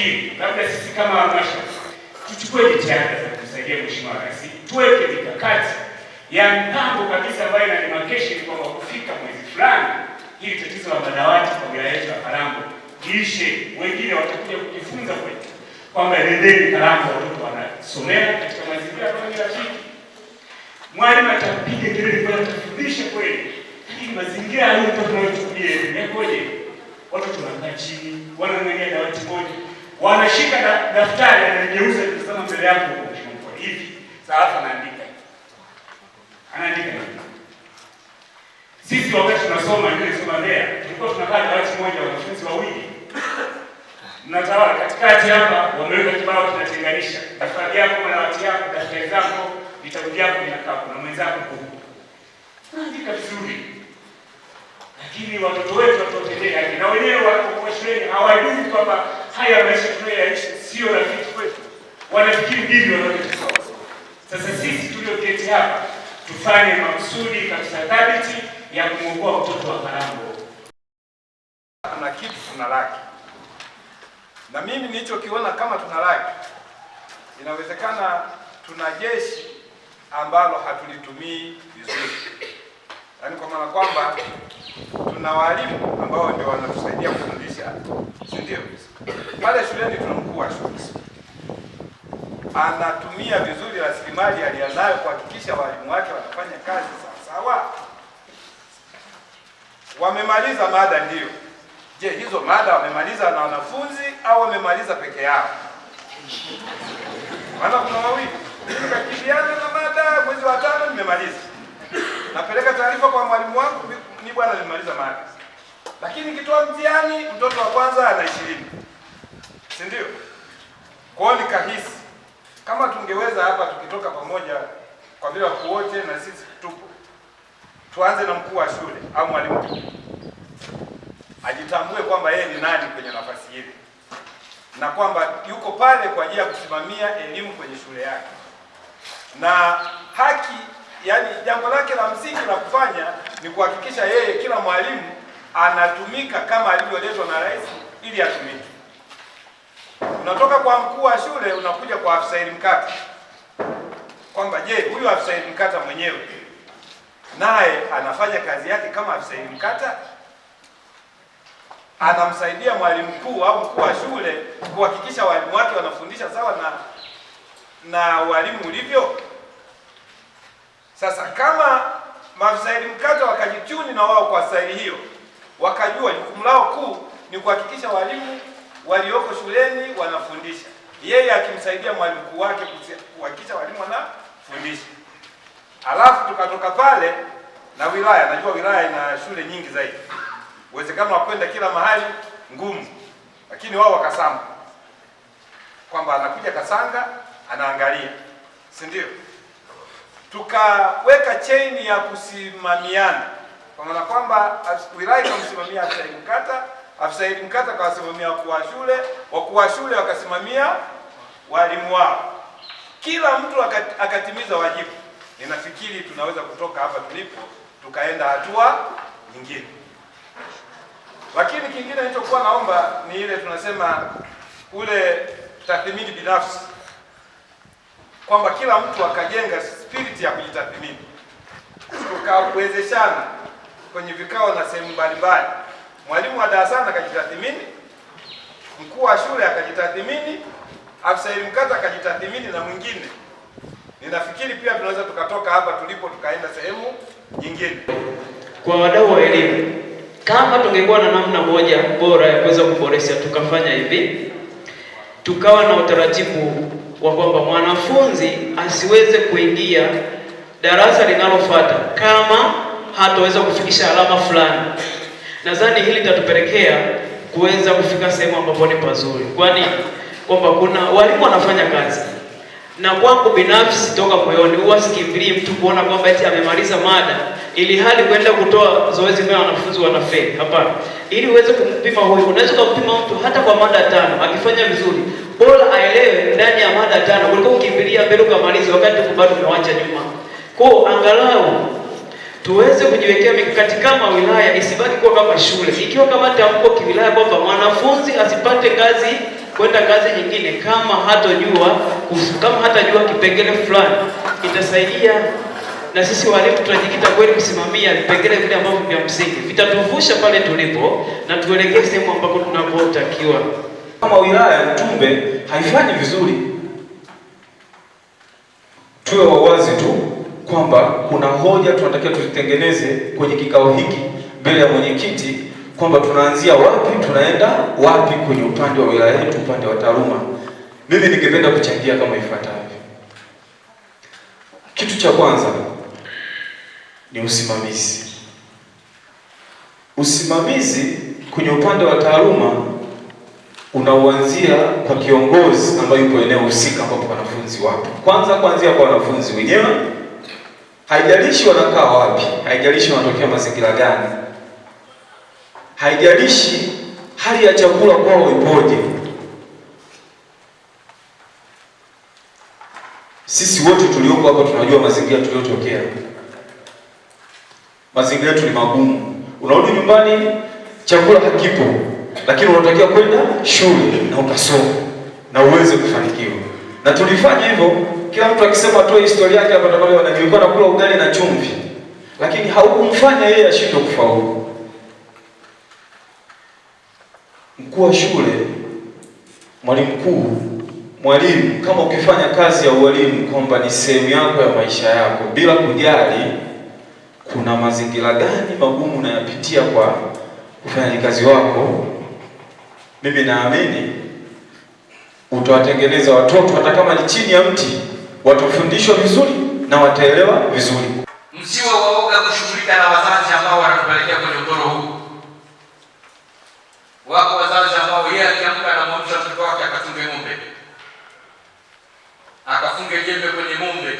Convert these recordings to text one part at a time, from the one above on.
hili, labda sisi kama halmashauri tuchukue jitihada za kumsaidia Mheshimiwa Rais, tuweke mikakati ya mpango kabisa ambayo ina demarcation kwamba kufika mwezi fulani ili tatizo la madawati kwa wilaya yetu ya Karambo liishe. Wengine watakuja kujifunza kwetu kwamba nendeni Karambo, watoto wanasomea katika mazingira ambayo ni rafiki. Mwalimu atapiga kelele kwa kufundisha kweli, lakini mazingira hayo tunayochukulia yakoje? Watoto wanakaa chini, wanang'ang'ania dawati moja wanashika daftari anageuza kusema mbele yako kwa hivi sasa, anaandika anaandika. Sisi wakati tunasoma ile soma lea, tulikuwa tunakaa dawati moja, wanafunzi wawili, mnatawala katikati hapa, wameweka kibao kinatenganisha daftari yako na dawati yako, daftari zako, vitabu vyako vinakaa, kuna mwenzako huko anaandika vizuri, lakini watoto wetu watotendea na wenyewe wanapokuwa shuleni hawajui kwamba haya maisha tunayoyaishi sio rafiki kwetu, wanafikiri ndivyo wanavyotusoma. Sasa sisi tulioketi hapa tufanye maksudi kabisa dhabiti ya kumwokoa mtoto wa Karambo. Kuna kitu tuna laki, na mimi nilichokiona kama tuna laki, inawezekana tuna jeshi ambalo hatulitumii vizuri, yaani kwa maana kwamba tuna walimu ambao ndio wanatusaidia kufundisha, si ndio? pale shuleni tuna mkuu wa shule anatumia vizuri rasilimali aliyonayo kuhakikisha walimu wake wanafanya kazi sawasawa. Wamemaliza mada ndio Je, hizo mada wamemaliza na wanafunzi au wamemaliza peke yao? Maana kuna wawili kakibiana na mada, mwezi wa tano nimemaliza, napeleka taarifa kwa mwalimu wangu, ni bwana nimemaliza mada, lakini kitoa mtihani mtoto wa kwanza ana ishirini si ndio? Kwa hiyo nikahisi kama tungeweza hapa tukitoka pamoja, kwa vile wakuu wote na sisi tupo, tuanze na mkuu wa shule au mwalimu ajitambue kwamba yeye ni nani kwenye nafasi hii na kwamba yuko pale kwa ajili ya kusimamia elimu kwenye shule yake na haki yani jambo lake la msingi la kufanya ni kuhakikisha yeye kila mwalimu anatumika kama alivyoletwa na rais ili atumike unatoka kwa mkuu wa shule unakuja kwa afisa elimu kata, kwamba je, huyu afisa elimu kata mwenyewe naye anafanya kazi yake kama afisa elimu kata? Anamsaidia mwalimu mkuu au mkuu wa shule kuhakikisha walimu wake wanafundisha sawa na na walimu ulivyo? Sasa kama maafisa elimu kata wakajichuni na wao kwa staili hiyo, wakajua jukumu lao kuu ni kuhakikisha walimu walioko shuleni wanafundisha, yeye akimsaidia mwalimu mkuu wake kuhakikisha walimu wanafundisha. Alafu tukatoka pale na wilaya, najua wilaya ina shule nyingi zaidi, uwezekano wa kwenda kila mahali ngumu, lakini wao wakasamba kwamba anakuja Kasanga anaangalia, si ndio? Tukaweka cheni ya kusimamiana kwa maana kwamba wilaya ikamsimamia kata Afisa Said Mkata akawasimamia wakuu wa shule, wakuu wa shule wakasimamia walimu wao, kila mtu akatimiza wajibu. Ninafikiri tunaweza kutoka hapa tulipo tukaenda hatua nyingine. Lakini kingine nilichokuwa naomba ni ile tunasema ule tathmini binafsi, kwamba kila mtu akajenga spirit ya kujitathmini, kuwezeshana kwenye vikao na sehemu mbalimbali mwalimu wa darasani akajitathmini, mkuu wa shule akajitathmini, afisa elimu kata akajitathmini na mwingine. Ninafikiri pia tunaweza tukatoka hapa tulipo tukaenda sehemu nyingine. Kwa wadau wa elimu, kama tungekuwa na namna moja bora ya kuweza kuboresha, tukafanya hivi, tukawa na utaratibu wa kwamba mwanafunzi asiweze kuingia darasa linalofuata kama hataweza kufikisha alama fulani. Nadhani hili litatupelekea kuweza kufika sehemu ambapo ni pazuri, kwani kwamba kuna walimu wanafanya kazi, na kwangu binafsi toka moyoni huwa sikimbilii mtu kuona kwamba eti amemaliza mada ili hali kwenda kutoa zoezi kwa wanafunzi wanafeli. Hapana, ili uweze kumpima huyu, unaweza kumpima mtu hata kwa mada tano, akifanya vizuri bora aelewe ndani ya mada tano kuliko kukimbilia mbele ukamaliza wakati bado umewacha nyuma. Kwa angalau tuweze kujiwekea mikakati kama wilaya, isibaki kuwa kama shule. Ikiwa kama tamko kiwilaya kwamba mwanafunzi asipate kazi kwenda kazi nyingine kama hatojua kama hatajua kipengele fulani, itasaidia na sisi walimu tunajikita kweli kusimamia vipengele vile ambavyo vya msingi vitatuvusha pale tulipo na tuelekee sehemu ambako tunapotakiwa. Kama wilaya ya haifanyi vizuri tuwe kwamba kuna hoja tunatakiwa tuzitengeneze kwenye kikao hiki mbele ya mwenyekiti, kwamba tunaanzia wapi, tunaenda wapi kwenye upande wa wilaya yetu, upande wa taaluma. Mimi ningependa kuchangia kama ifuatavyo. Kitu cha kwanza ni usimamizi. Usimamizi kwenye upande wa taaluma unaoanzia kwa kiongozi ambaye yupo eneo husika ambapo wanafunzi wapo, kwanza kuanzia kwa wanafunzi wenyewe haijalishi wanakaa wapi, haijalishi wanatokea mazingira gani, haijalishi hali ya chakula kwao ipoje. Sisi wote tulioko hapa tunajua mazingira tuliyotokea, mazingira yetu ni magumu. Unarudi nyumbani, chakula hakipo, lakini unatakiwa kwenda shule na ukasoma na uweze kufanikiwa, na tulifanya hivyo kila mtu akisema tu historia yake hapa ndio wanajulikana kula ugali na chumvi, lakini haukumfanya yeye ashindwe kufaulu. Mkuu wa shule, mwalimu mkuu, mwalimu, kama ukifanya kazi ya ualimu kwamba ni sehemu yako ya maisha yako, bila kujali kuna mazingira gani magumu unayapitia kwa ufanyaji wako, mimi naamini utawatengeneza watoto hata kama ni chini ya mti watafundishwa vizuri na wataelewa vizuri. Msiwe waoga kushughulika na wazazi ambao wanatupelekea kwenye mtoro huu. Wako wazazi ambao yeye akiamka na mwamsha mtoto wake akafunge ng'ombe, akafunge jembe kwenye ng'ombe.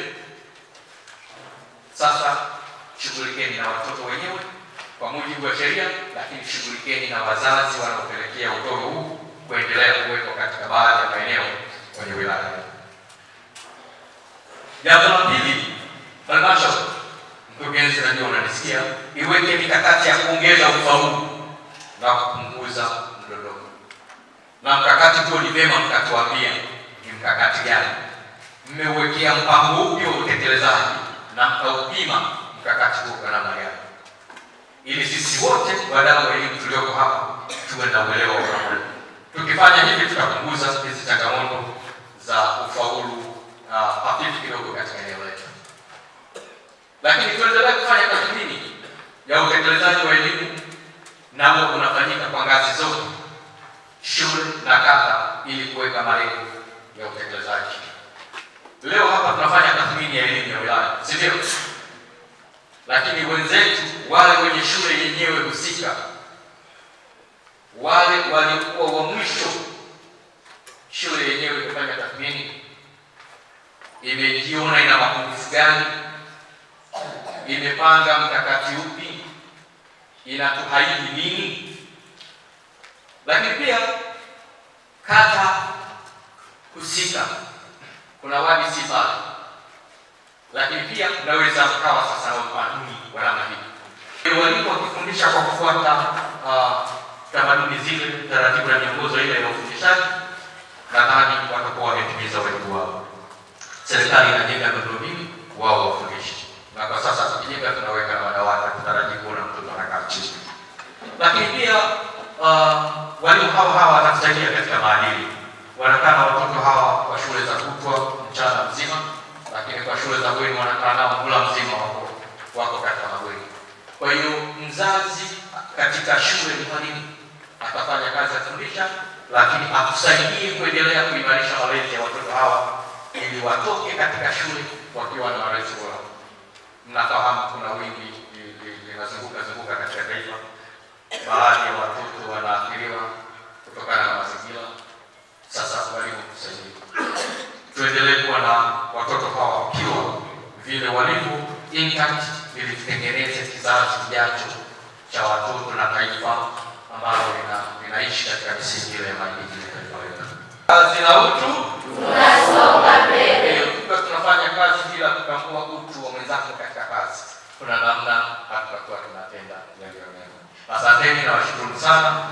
Sasa shughulikeni na watoto wenyewe kwa mujibu wa sheria, lakini shughulikeni na wazazi wanaopelekea utoro huu kuendelea kuwekwa katika baadhi ya maeneo kwenye wilaya. Jambo la pili, halmashauri, mkurugenzi, najua unanisikia, iweke mikakati ya kuongeza ufaulu na kupunguza mdodoro. Na mkakati huo ni vyema mkatuambia ni mkakati gani mmewekea mpango upi wa utekelezaji, na mtaupima mkakati huo kwa namna gani, ili sisi wote wadau wa elimu tulioko hapa tuwe na uelewa wa. Tukifanya hivi, tutapunguza hizi changamoto za ufaulu hafifu ah, ah, kidogo katika eneo letu, lakini tuendelea kufanya tathmini ya utekelezaji wa elimu, nao unafanyika kwa ngazi zote, shule na kata, ili kuweka malengo ya utekelezaji. Leo hapa tunafanya tathmini ya elimu ya wilaya, si ndio? Lakini wenzetu wale wenye shule yenyewe husika, wale walikuwa wa mwisho shule yenyewe kufanya tathmini imejiona ina mapungufu gani, imepanga mkakati upi, inatuhaidi nini. Lakini pia kata husika kuna wadisi pale, lakini pia unaweza ukawa sasa na utamaduni wa namna wakifundisha kwa kufuata uh, tamaduni zile, taratibu na miongozo ile ya ufundishaji, nadhani watakuwa wametimiza wajibu wao serikali inajenga miundombinu, wao wafundishi, na kwa sasa tukijenga tunaweka na madawati, tutaraji kuona mtoto anakaa chini. Lakini pia uh, walimu hawa hawa watatusaidia katika maadili, wanakaa na watoto hawa kwa shule za kutwa mchana mzima, lakini kwa shule za bweni wanakaa nao mula mzima, wako wako katika mabweni. Kwa hiyo mzazi katika shule ni mwalimu, atafanya kazi ya kufundisha, lakini akusaidie kuendelea kuimarisha malezi ya watoto hawa watoke katika shule wakiwa na marais wao. Mnafahamu kuna wingi linazunguka zunguka katika taifa, baadhi ya watoto wanaathiriwa kutokana na mazingira. Sasa walimu kusaidia, tuendelee kuwa na watoto hawa wakiwa vile walivyo, ilitengeneze kizazi kijacho cha watoto na taifa ambalo linaishi katika misingi ya maadili ya taifa letu. Kazi na utu la kutambua utu wa mwenzako katika kazi, kuna namna hatutakuwa tunatenda yaliyo mema. Asanteni na washukuru sana.